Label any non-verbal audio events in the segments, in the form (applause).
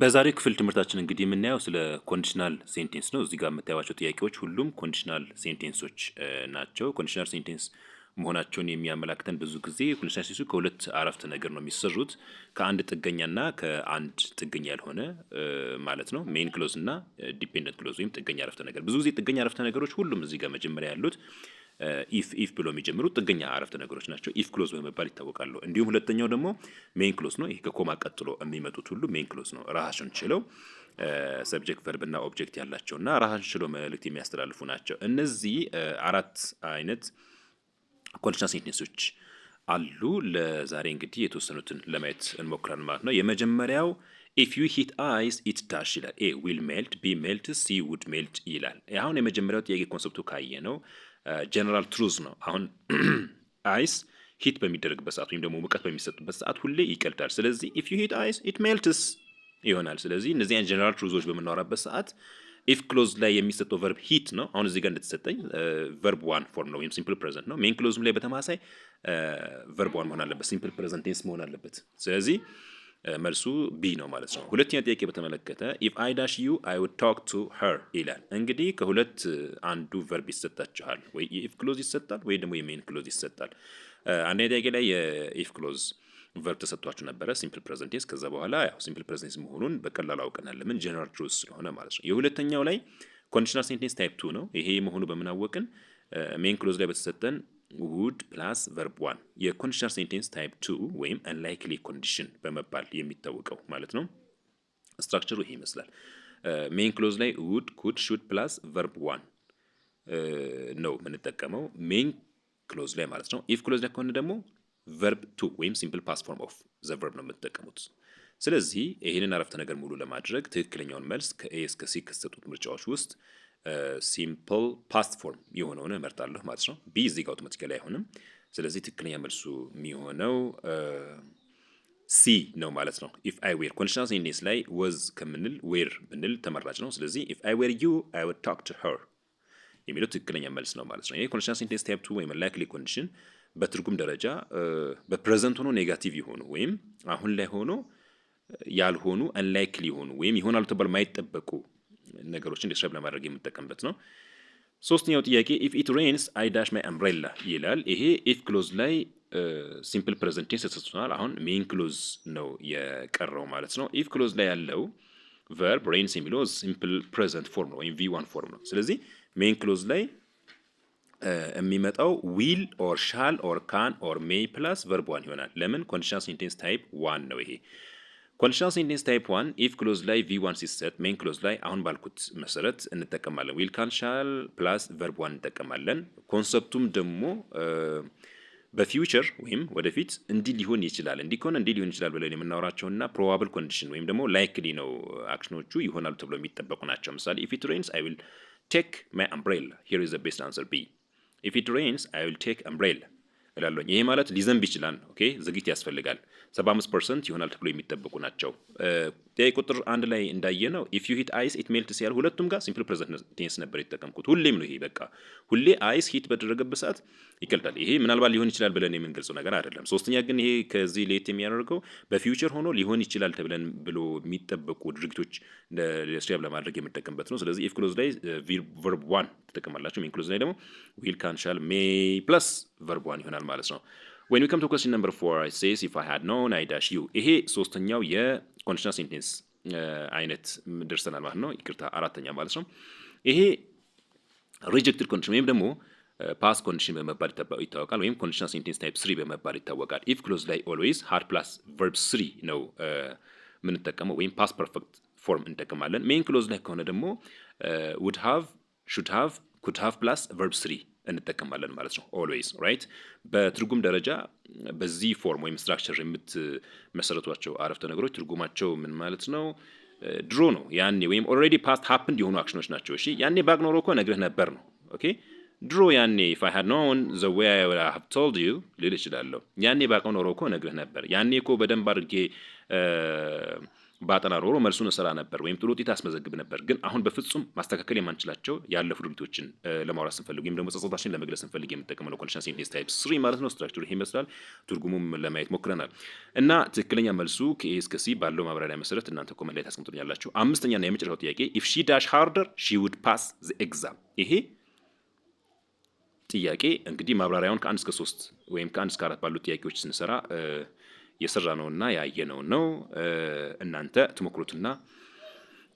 በዛሬው ክፍል ትምህርታችን እንግዲህ የምናየው ስለ ኮንዲሽናል ሴንቴንስ ነው። እዚህ ጋር ጥያቄዎች ሁሉም ኮንዲሽናል ሴንቴንሶች ናቸው። ኮንዲሽናል ሴንቴንስ መሆናቸውን የሚያመላክተን ብዙ ጊዜ ኮንዲሽናል ሴንቴንሶች ከሁለት አረፍተ ነገር ነው የሚሰሩት፣ ከአንድ ጥገኛና ከአንድ ጥገኛ ያልሆነ ማለት ነው። ሜን ክሎዝ እና ዲፔንደንት ክሎዝ ወይም ጥገኛ አረፍተ ነገር። ብዙ ጊዜ ጥገኛ አረፍተ ነገሮች ሁሉም እዚህ ጋር መጀመሪያ ያሉት ኢፍ ኢፍ ብሎ የሚጀምሩ ጥገኛ አረፍተ ነገሮች ናቸው። ኢፍ ክሎዝ በመባል ይታወቃሉ። እንዲሁም ሁለተኛው ደግሞ ሜን ክሎዝ ነው። ይሄ ከኮማ ቀጥሎ የሚመጡት ሁሉ ሜን ክሎዝ ነው። ራሱን ችለው ሰብጀክት እና ኦብጀክት ያላቸውና ራሱን ችለው መልእክት የሚያስተላልፉ ናቸው። እነዚህ አራት አይነት ኮንዲሽናል ሴንቴንሶች አሉ። ለዛሬ እንግዲህ የተወሰኑትን ለማየት እንሞክራለን ማለት ነው። የመጀመሪያው ኢፍ ዩ ሂት አይስ ኢት ዳሽ ይላል። ኤ ዊል ሜልት፣ ቢ ሜልት፣ ሲ ውድ ሜልት ይላል። አሁን የመጀመሪያው ጥያቄ ኮንሰፕቱ ካየ ነው ጀነራል ትሩዝ ነው። አሁን አይስ (clears throat) ሂት በሚደረግበት ሰዓት ወይም ደግሞ ሙቀት በሚሰጥበት ሰዓት ሁሌ ይቀልጣል። ስለዚህ ኢፍ ዩ ሂት አይስ ኢት ሜልትስ ይሆናል። ስለዚህ እነዚህ ጀነራል ትሩዞች በምናወራበት ሰዓት ኢፍ ክሎዝ ላይ የሚሰጠው ቨርብ ሂት ነው። አሁን እዚህ ጋር እንደተሰጠኝ ቨርብ ዋን ፎርም ነው ወይም ሲምፕል ፕሬዘንት ነው። ሜን ክሎዝም ላይ በተማሳይ ቨርብ ዋን መሆን አለበት፣ ሲምፕል ፕሬዘንት ቴንስ መሆን አለበት። ስለዚህ መልሱ ቢ ነው ማለት ነው። ሁለተኛ ጥያቄ በተመለከተ ኢፍ አይ ዳሽ ዩ አይ ውድ ታክ ቱ ሄር ይላል። እንግዲህ ከሁለት አንዱ ቨርብ ይሰጣችኋል። ወይ የኢፍ ክሎዝ ይሰጣል ወይ ደግሞ የሜን ክሎዝ ይሰጣል። አንደኛ ጥያቄ ላይ የኢፍ ክሎዝ ቨርብ ተሰጥቷችሁ ነበረ ሲምፕል ፕሬዘንቴንስ። ከዛ በኋላ ያው ሲምፕል ፕሬዘንቴንስ መሆኑን በቀላሉ አውቀናል። ለምን ጀነራል ትሩዝ ስለሆነ ማለት ነው። የሁለተኛው ላይ ኮንዲሽናል ሴንቴንስ ታይፕ ቱ ነው። ይሄ መሆኑ በምናወቅን ሜን ክሎዝ ላይ በተሰጠን ውድ ፕላስ ቨርብ ዋን የኮንዲሽናል ሴንቴንስ ታይፕ ቱ ወይም አንላይክሊ ኮንዲሽን በመባል የሚታወቀው ማለት ነው። ስትራክቸሩ ይሄ ይመስላል። ሜን uh, ክሎዝ ላይ ውድ፣ ኩድ፣ ሹድ ፕላስ ቨርብ ዋን ነው የምንጠቀመው ሜን ክሎዝ ላይ ማለት ነው። ኢፍ ክሎዝ ላይ ከሆነ ደግሞ ቨርብ ቱ ወይም ሲምፕል ፓስ ፎርም ኦፍ ዘ ቨርብ ነው የምንጠቀሙት። ስለዚህ ይህንን አረፍተ ነገር ሙሉ ለማድረግ ትክክለኛውን መልስ ከኤ እስከ ሲ ከተሰጡት ምርጫዎች ውስጥ ሲምፕል ፓስት ፎርም የሆነውን እመርጣለሁ ማለት ነው። ቢ እዚህ ጋር አውቶማቲካሊ አይሆንም። ስለዚህ ትክክለኛ መልሱ የሚሆነው ሲ ነው ማለት ነው። ኢፍ አይ ዌር ኮንዲሽናል ሴንቴንስ ላይ ወዝ ከምንል ዌር ብንል ተመራጭ ነው። ስለዚህ ኢፍ አይ ዌር ዩ አይ ውድ ታክ ቱ ሄር የሚለው ትክክለኛ መልስ ነው ማለት ነው። ይህ ኮንዲሽናል ሴንቴንስ ታይፕ ቱ ወይም ላይክሊ ኮንዲሽን በትርጉም ደረጃ በፕሬዘንት ሆኖ ኔጋቲቭ የሆኑ ወይም አሁን ላይ ሆኖ ያልሆኑ አንላይክሊ የሆኑ ወይም ይሆናሉ ተባል ማይጠበቁ ነገሮችን ዲስረብ ለማድረግ የምጠቀምበት ነው። ሶስተኛው ጥያቄ ኢፍ ኢት ሬንስ አይ ዳሽ ማይ አምብሬላ ይላል። ይሄ ኢፍ ክሎዝ ላይ ሲምፕል ፕሬዘንት ቴንስ ተሰጥቶናል። አሁን ሜን ክሎዝ ነው የቀረው ማለት ነው። ኢፍ ክሎዝ ላይ ያለው ቨርብ ሬንስ የሚለው ሲምፕል ፕሬዘንት ፎርም ነው ወይም ቪ ዋን ፎርም ነው። ስለዚህ ሜን ክሎዝ ላይ የሚመጣው ዊል ኦር ሻል ኦር ካን ኦር ሜይ ፕላስ ቨርብ ዋን ይሆናል። ለምን ኮንዲሽናል ሴንቴንስ ታይፕ ዋን ነው ይሄ ኮንዲሽናል ሴንቴንስ ታይፕ ዋን ኢፍ ክሎዝ ላይ ቪ ዋን ሲሰጥ ሜን ክሎዝ ላይ አሁን ባልኩት መሰረት እንጠቀማለን። ዊል ካን ፕላስ ቨርብ ዋን እንጠቀማለን። ኮንሰፕቱም ደግሞ በፊውቸር ወይም ወደፊት እንዲህ ሊሆን ይችላል እንዲህ ከሆነ እንዲህ ሊሆን ይችላል ብለን የምናወራቸውና ፕሮባብል ኮንዲሽን ወይም ደግሞ ላይክሊ ነው አክሽኖቹ ይሆናሉ ተብሎ የሚጠበቁ ናቸው። ምሳሌ ኢፍ ኢት ሬንስ አይ ዊል ቴክ ማይ አምብሬላ ሂር ኢዝ ዘ ቤስት አንሰር ቢ ኢፍ ኢት ሬንስ አይ ዊል ቴክ አምብሬላ እላለሁ። ይሄ ማለት ሊዘንብ ይችላል። ኦኬ ዝግጅት ያስፈልጋል። 75 ፐርሰንት ይሆናል ተብሎ የሚጠበቁ ናቸው። ቁጥር አንድ ላይ እንዳየ ነው ኢፍ ዩ ሂት አይስ ኢት ሜልትስ ያል ሁለቱም ጋር ሲምፕል ፕሬዘንት ቴንስ ነበር የተጠቀምኩት። ሁሌም ነው ይሄ በቃ ሁሌ አይስ ሂት በደረገበት ሰዓት ይቀልጣል። ይሄ ምናልባት ሊሆን ይችላል ብለን የምንገልጸው ነገር አይደለም። ሶስተኛ ግን ይሄ ከዚህ ሌት የሚያደርገው በፊውቸር ሆኖ ሊሆን ይችላል ተብለን ብሎ የሚጠበቁ ድርጊቶች ስሪያብ ለማድረግ የምንጠቀምበት ነው። ስለዚህ ኢፍ ክሎዝ ላይ ቨርብ ዋን ትጠቀማላችሁ። ሜን ክሎዝ ላይ ደግሞ ዊል ካን ሻል ሜይ ፕላስ ቨርቧን ይሆናል ማለት ነው። ዌን ዊ ከም ቱ ኮስችን ነምበር ፎር ኢት ሴይስ ኢፍ አይ ሃድ ኖውን አይ ዳሽ ዩ። ይሄ ሶስተኛው የኮንዲሽናል ሴንቴንስ uh, አይነት ደርሰናል ማለት ነው። ይቅርታ አራተኛ ማለት ነው። ይሄ ሪጀክትድ ኮንዲሽን ወይም ደግሞ ፓስ uh, ኮንዲሽን በመባል ይታወቃል። ወይም ኮንዲሽናል ሴንቴንስ ታይፕ ስሪ በመባል ይታወቃል። ኢፍ ክሎዝ ላይ ኦልዌይስ ሃድ ፕላስ ቨርብ ስሪ ነው uh, የምንጠቀመው ወይም ፓስ ፐርፌክት ፎርም እንጠቀማለን። ሜን ክሎዝ ላይ ከሆነ ደግሞ ውድ ሃቭ፣ ሹድ ሃቭ፣ ኩድ ሃቭ ፕላስ ቨርብ ስሪ እንጠቀማለን ማለት ነው። ኦልዌይዝ ራይት። በትርጉም ደረጃ በዚህ ፎርም ወይም ስትራክቸር የምትመሰረቷቸው አረፍተ ነገሮች ትርጉማቸው ምን ማለት ነው? ድሮ ነው ያኔ፣ ወይም ኦልሬዲ ፓስት ሀፕንድ የሆኑ አክሽኖች ናቸው። እሺ ያኔ ባግኖሮ እኮ ነግርህ ነበር ነው። ኦኬ ድሮ ያኔ ኢፍ አይ ሃድ ኖውን ዘ ዌይ አይ ውድ ሃቭ ቶልድ ዩ ልል እችላለሁ። ያኔ ባቀኖሮ እኮ ነግርህ ነበር። ያኔ እኮ በደንብ አድርጌ በአጠና ሮሮ መልሱን እሰራ ነበር ወይም ጥሩ ውጤት አስመዘግብ ነበር። ግን አሁን በፍጹም ማስተካከል የማንችላቸው ያለፉ ድርጊቶችን ለማውራት ስንፈልግ ወይም ደግሞ ጸጸታችን ለመግለጽ ስንፈልግ ነው። ኮንዲሽናል ሴንቴንስ ታይፕ ስሪ ማለት ነው። ስትራክቸሩ ይሄ ይመስላል። ትርጉሙም ለማየት ሞክረናል እና ትክክለኛ መልሱ ከኤ እስከ ሲ ባለው ማብራሪያ መሰረት እናንተ ኮመንት ላይ ታስቀምጡልኛላችሁ። አምስተኛና የመጨረሻው ጥያቄ ኢፍ ሺ ዳሽ ሃርደር ሺ ውድ ፓስ ዘ ኤግዛም ይሄ ጥያቄ እንግዲህ ማብራሪያውን ከአንድ እስከ ሶስት ወይም ከአንድ እስከ አራት ባሉት ጥያቄዎች ስንሰራ የሰራነውና ያየነውን ነው። እናንተ ትሞክሩትና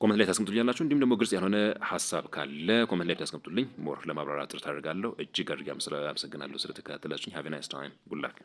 ኮመንት ላይ ታስቀምጡልኛላችሁ። እንዲሁም ደግሞ ግልጽ ያልሆነ ሀሳብ ካለ ኮመንት ላይ ታስቀምጡልኝ። ሞር ለማብራራት ጥረት አድርጋለሁ። እጅግ አድርጌ አመሰግናለሁ ስለተከታተላችሁኝ። ሀቭ ኤ ናይስ ታይም ጉላክ